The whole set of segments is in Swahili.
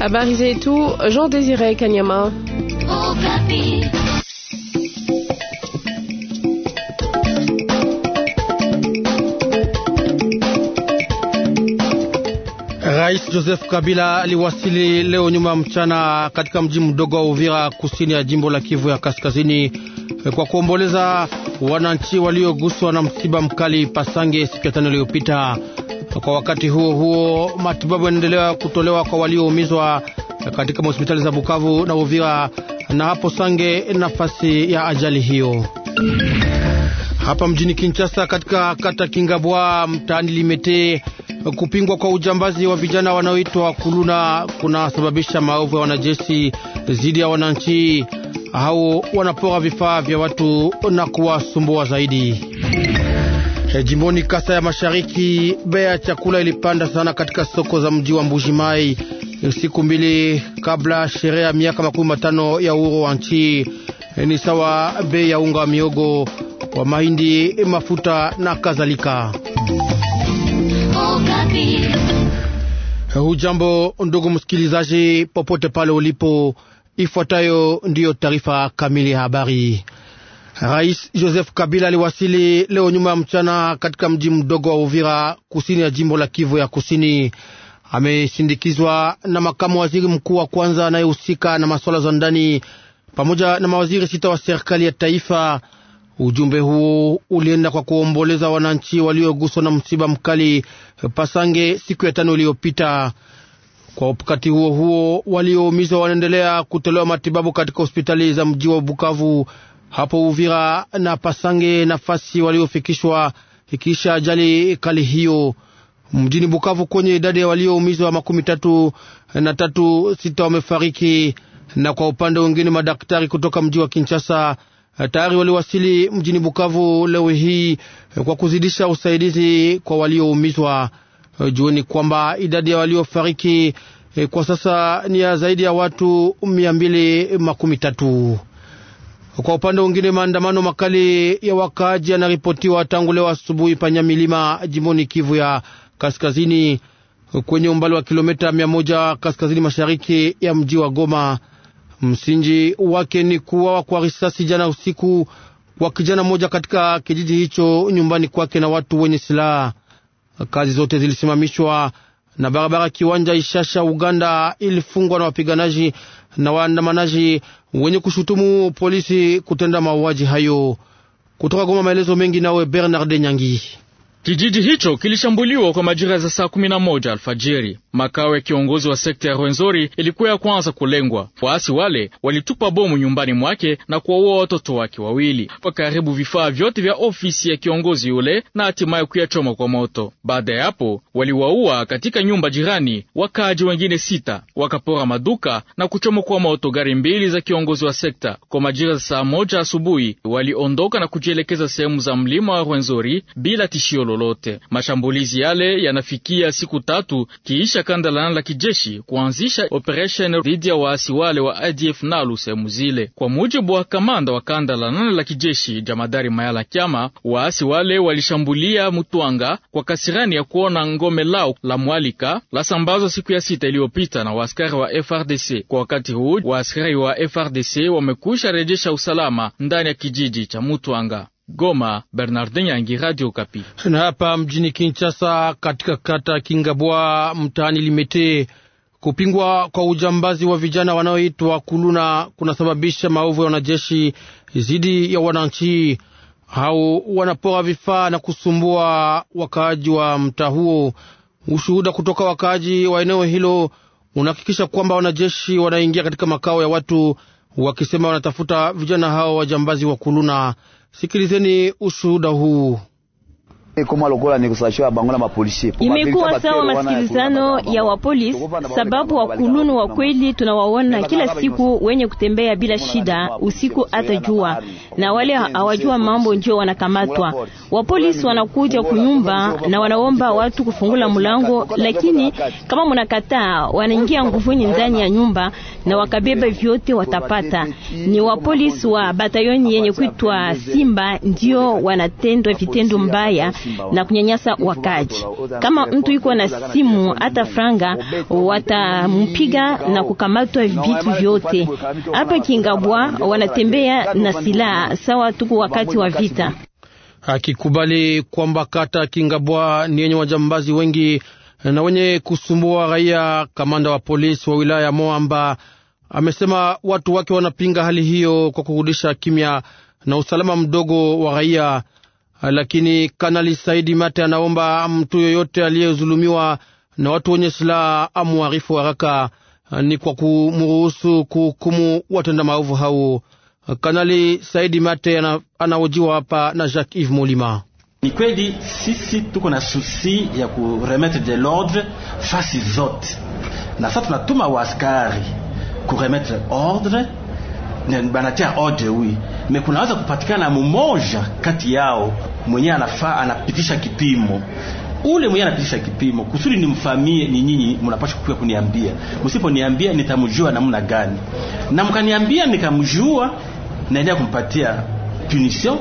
Habari zetu Jean Désiré Kanyama. Rais Joseph Kabila aliwasili leo nyuma mchana katika mji mdogo wa Uvira kusini ya jimbo la Kivu ya Kaskazini kwa kuomboleza wananchi walioguswa na msiba mkali Pasange siku ya tano iliyopita. Kwa wakati huo huo, matibabu yanaendelea kutolewa kwa walioumizwa katika hospitali za Bukavu na Uvira na hapo Sange nafasi ya ajali hiyo. Hapa mjini Kinshasa, katika kata Kingabwa mtaani Limete, kupingwa kwa ujambazi wa vijana wanaoitwa kuluna kunasababisha maovu ya wanajeshi dhidi ya wananchi hao. Wanapora vifaa vya watu na kuwasumbua zaidi. Eh, jimboni Kasa ya Mashariki, bei ya chakula ilipanda sana katika soko za mji wa Mbujimai eh, siku mbili kabla sherehe ya miaka makumi matano ya uhuru wa nchi. Eh, ni sawa bei ya unga wa miogo wa mahindi, mafuta na kadhalika. Hujambo ndugu msikilizaji, popote pale ulipo, ifuatayo ndiyo taarifa kamili ya habari. Rais Joseph Kabila aliwasili leo nyuma ya mchana katika mji mdogo wa Uvira kusini ya jimbo la Kivu ya Kusini. Ameshindikizwa na makamu waziri mkuu wa kwanza anayehusika na, na masuala za ndani pamoja na mawaziri sita wa serikali ya taifa. Ujumbe huo ulienda kwa kuomboleza wananchi walioguswa na msiba mkali Pasange siku ya tano iliyopita. Kwa wakati huo huo, walioumizwa wanaendelea kutolewa matibabu katika hospitali za mji wa Bukavu hapo Uvira na Pasange, nafasi waliofikishwa ikiisha ajali kali hiyo. Mjini Bukavu kwenye idadi ya walioumizwa makumi tatu na tatu, sita wamefariki. Na kwa upande wengine madaktari kutoka mji wa Kinshasa eh, tayari waliwasili mjini Bukavu leo hii eh, kwa kuzidisha usaidizi kwa walioumizwa. Eh, jueni kwamba idadi ya waliofariki kwa sasa ni ya zaidi ya watu mia mbili makumi tatu. Kwa upande mwingine, maandamano makali ya wakaaji yanaripotiwa tangu leo asubuhi panyamilima jimboni Kivu ya kaskazini kwenye umbali wa kilomita mia moja kaskazini mashariki ya mji wa Goma. Msingi wake ni kuwawa kwa risasi jana usiku wa kijana mmoja katika kijiji hicho nyumbani kwake na watu wenye silaha. Kazi zote zilisimamishwa na barabara kiwanja Ishasha Uganda ilifungwa na wapiganaji na waandamanaji wenye kushutumu polisi kutenda mauaji hayo. Kutoka Goma, maelezo mengi nawe Bernard Nyangi. Kijiji hicho kilishambuliwa kwa majira za saa 11 alfajiri. Makao ya kiongozi wa sekta ya Rwenzori ilikuwa ya kwanza kulengwa. Waasi wale walitupa bomu nyumbani mwake na kuwaua watoto wake wawili, wakaribu vifaa vyote vya ofisi ya kiongozi yule na hatimaye kuyachoma kwa moto. Baada ya hapo, waliwaua katika nyumba jirani wakaaji wengine sita, wakapora maduka na kuchoma kwa moto gari mbili za kiongozi wa sekta. Kwa majira za saa moja asubuhi, waliondoka na kujielekeza sehemu za mlima wa Rwenzori bila tishio lolote. Mashambulizi yale yanafikia siku tatu kiisha kuliamrisha kanda la kijeshi kuanzisha operesheni dhidi ya waasi wale wa ADF Nalu sehemu zile. Kwa mujibu wa kamanda wa kanda la nane la kijeshi Jamadari Mayala Kyama, waasi wale walishambulia Mutwanga kwa kasirani ya kuona ngome lao la Mwalika la siku ya sita iliyopita na waaskari wa FRDC. Kwa wakati huu waaskari wa FRDC wamekwisha rejesha usalama ndani ya kijiji cha Mutwanga. Goma, Bernardin Yangi, Radio Kapi. Na hapa mjini Kinshasa, katika kata Kingabwa mtaani Limete, kupingwa kwa ujambazi wa vijana wanaoitwa kuluna kunasababisha maovu ya wanajeshi dhidi ya wananchi. Hao wanapora vifaa na kusumbua wakaaji wa mtaa huo. Ushuhuda kutoka wakaaji wa eneo hilo unahakikisha kwamba wanajeshi wanaingia katika makao ya watu wakisema wanatafuta vijana hao wajambazi wa kuluna. Sikilizeni ushuhuda huu. Koma lokola mapolisi imekuwa sawa masikilizano ya wapolisi, sababu wakulunu wa kweli tunawaona kila siku wenye kutembea bila shida usiku hata jua, na wale hawajua mambo ndio wanakamatwa. Wapolisi wanakuja kunyumba na wanaomba watu kufungula mlango, lakini kama mnakataa, wanaingia nguvuni ndani ya nyumba na wakabeba vyote watapata. Ni wapolisi wa batayoni yenye kuitwa Simba ndio wanatendwa vitendo mbaya na kunyanyasa wakaji. Kama mtu yuko na simu hata franga, watampiga na kukamatwa vitu vyote. Hapa Kingabwa wanatembea na silaha sawa, tuko wakati wa vita. Akikubali kwamba kata Kingabwa ni yenye wajambazi wengi eh, na wenye kusumbua raia. Kamanda wa polisi wa wilaya ya Moamba amesema watu wake wanapinga hali hiyo kwa kurudisha kimya na usalama mdogo wa raia. Lakini Kanali Saidi Mate anaomba mtu yoyote aliyezulumiwa na watu wenye silaha amuarifu haraka, ni kwa kumruhusu kuhukumu watenda maovu hao. Kanali Saidi Mate anaojiwa hapa na Jacques Yves molima Ni kweli sisi tuko na susi ya kuremetre de l'ordre fasi zote, na sasa tunatuma waaskari kuremetre ordre banatia ordre wi me kunaweza kupatikana mumoja kati yao mwenyewe anafaa anapitisha kipimo ule mwenye anapitisha kipimo kusudi nimfahamie, ni nyinyi mnapaswa kuja kuniambia. Msiponiambia nitamjua namna gani? Na mkaniambia nikamjua, naendea kumpatia punition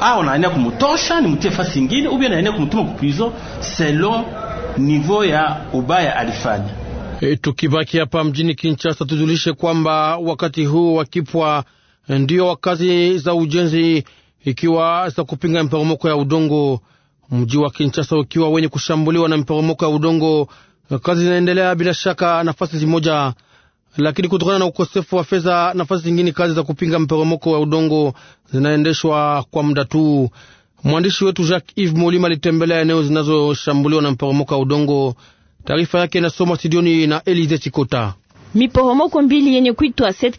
au naendea kumtosha, nimtie fasi nyingine, au naendea kumtuma kupizo selon niveau ya ubaya alifanya. E, tukibaki hapa mjini Kinshasa tujulishe kwamba wakati huu wakipwa eh, ndio wakazi za ujenzi ikiwa za kupinga mporomoko ya udongo. Mji wa Kinshasa ukiwa wenye kushambuliwa na mporomoko ya udongo, kazi zinaendelea bila shaka nafasi zimoja, lakini kutokana na ukosefu wa fedha, nafasi zingine kazi za kupinga mporomoko ya udongo zinaendeshwa kwa muda tu. Mwandishi wetu Jacques Yves Molima alitembelea eneo zinazoshambuliwa na mporomoko ya udongo. Taarifa yake inasomwa studioni na Elize Chikota. Miporomoko mbili yenye kuitwa 7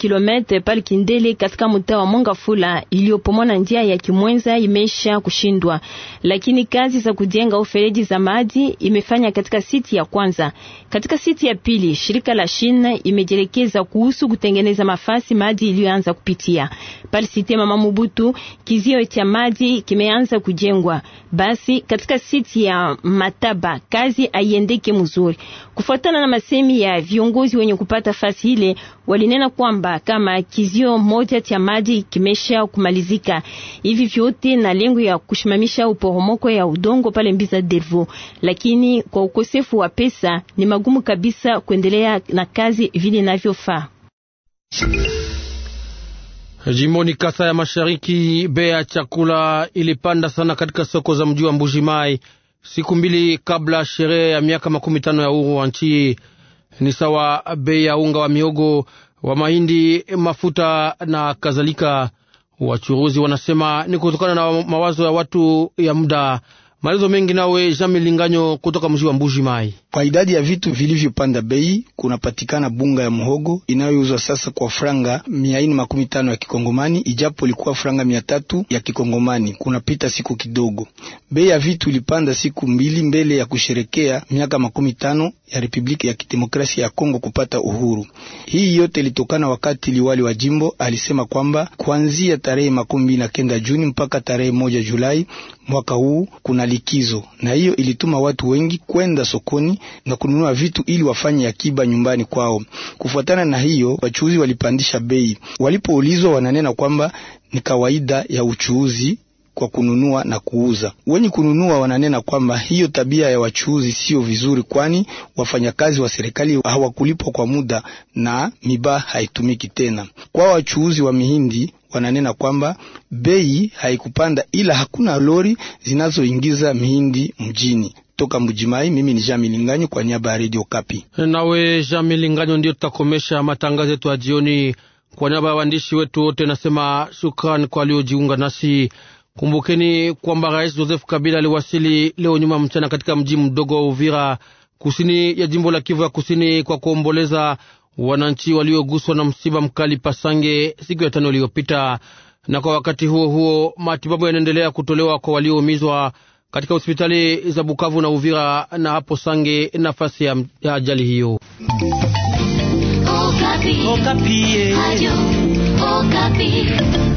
km pale Kindele katika mtaa wa Mongafula iliyopomona njia ya Kimwenza imesha kushindwa, lakini kazi za kujenga ufereji za maji imefanya katika siti ya kwanza. Katika siti ya pili, shirika la Shina imejelekeza kuhusu kutengeneza mafasi maji iliyoanza kupitia pale siti ya Mama Mubutu. Kizio cha maji kimeanza kujengwa. Basi katika siti ya Mataba kazi haiendeki mzuri, kufuatana na masemi ya viongozi wenye kupata tafasi ile walinena kwamba kama kizio moja cha maji kimesha kumalizika hivi vyote na lengo ya kushimamisha uporomoko ya udongo pale Mbiza Devo, lakini kwa ukosefu wa pesa ni magumu kabisa kuendelea na kazi vile inavyofaa. Jimboni Kasa ya Mashariki, bei ya chakula ilipanda sana katika soko za mji wa Mbuji Mai siku mbili kabla sherehe ya miaka makumi tano ya uhuru wa nchi ni sawa bei ya unga wa miogo wa mahindi, mafuta na kadhalika. Wachuruzi wanasema ni kutokana na mawazo ya watu ya muda Maelezo mengi nawe Jean Milinganyo kutoka mji wa Mbuji Mai. Kwa idadi ya vitu vilivyopanda bei kunapatikana bunga ya mhogo inayouzwa sasa kwa franga mia nne makumi tano ya kikongomani ijapo ilikuwa franga mia tatu ya kikongomani kunapita siku kidogo. Bei ya vitu ilipanda siku mbili mbele ya kusherekea miaka makumi tano ya Republiki ya Kidemokrasia ya Kongo kupata uhuru. Hii yote ilitokana wakati liwali wa jimbo alisema kwamba kuanzia tarehe makumi mbili na kenda Juni mpaka tarehe moja Julai mwaka huu kuna likizo, na hiyo ilituma watu wengi kwenda sokoni na kununua vitu ili wafanye akiba nyumbani kwao. Kufuatana na hiyo, wachuuzi walipandisha bei. Walipoulizwa, wananena kwamba ni kawaida ya uchuuzi kwa kununua na kuuza. Wenye kununua wananena kwamba hiyo tabia ya wachuuzi sio vizuri, kwani wafanyakazi wa serikali hawakulipwa kwa muda na mibaa haitumiki tena. Kwa wachuuzi wa mihindi wananena kwamba bei haikupanda, ila hakuna lori zinazoingiza mihindi mjini. Toka Mujimai, mimi ni Jean Milinganyo kwa niaba ya Radio Kapi. Nawe Jean Milinganyo, ndio tutakomesha matangazo yetu ya jioni. Kwa niaba ya waandishi wetu wote nasema shukrani kwa waliojiunga nasi. Kumbukeni kwamba Rais Joseph Kabila aliwasili leo nyuma mchana katika mji mdogo wa Uvira kusini ya jimbo la Kivu ya kusini kwa kuomboleza wananchi walioguswa na msiba mkali Pasange siku ya tano iliyopita, na kwa wakati huo huo matibabu yanaendelea kutolewa kwa walioumizwa katika hospitali za Bukavu na Uvira na hapo Sange nafasi ya ajali hiyo. Okapi. Okapi.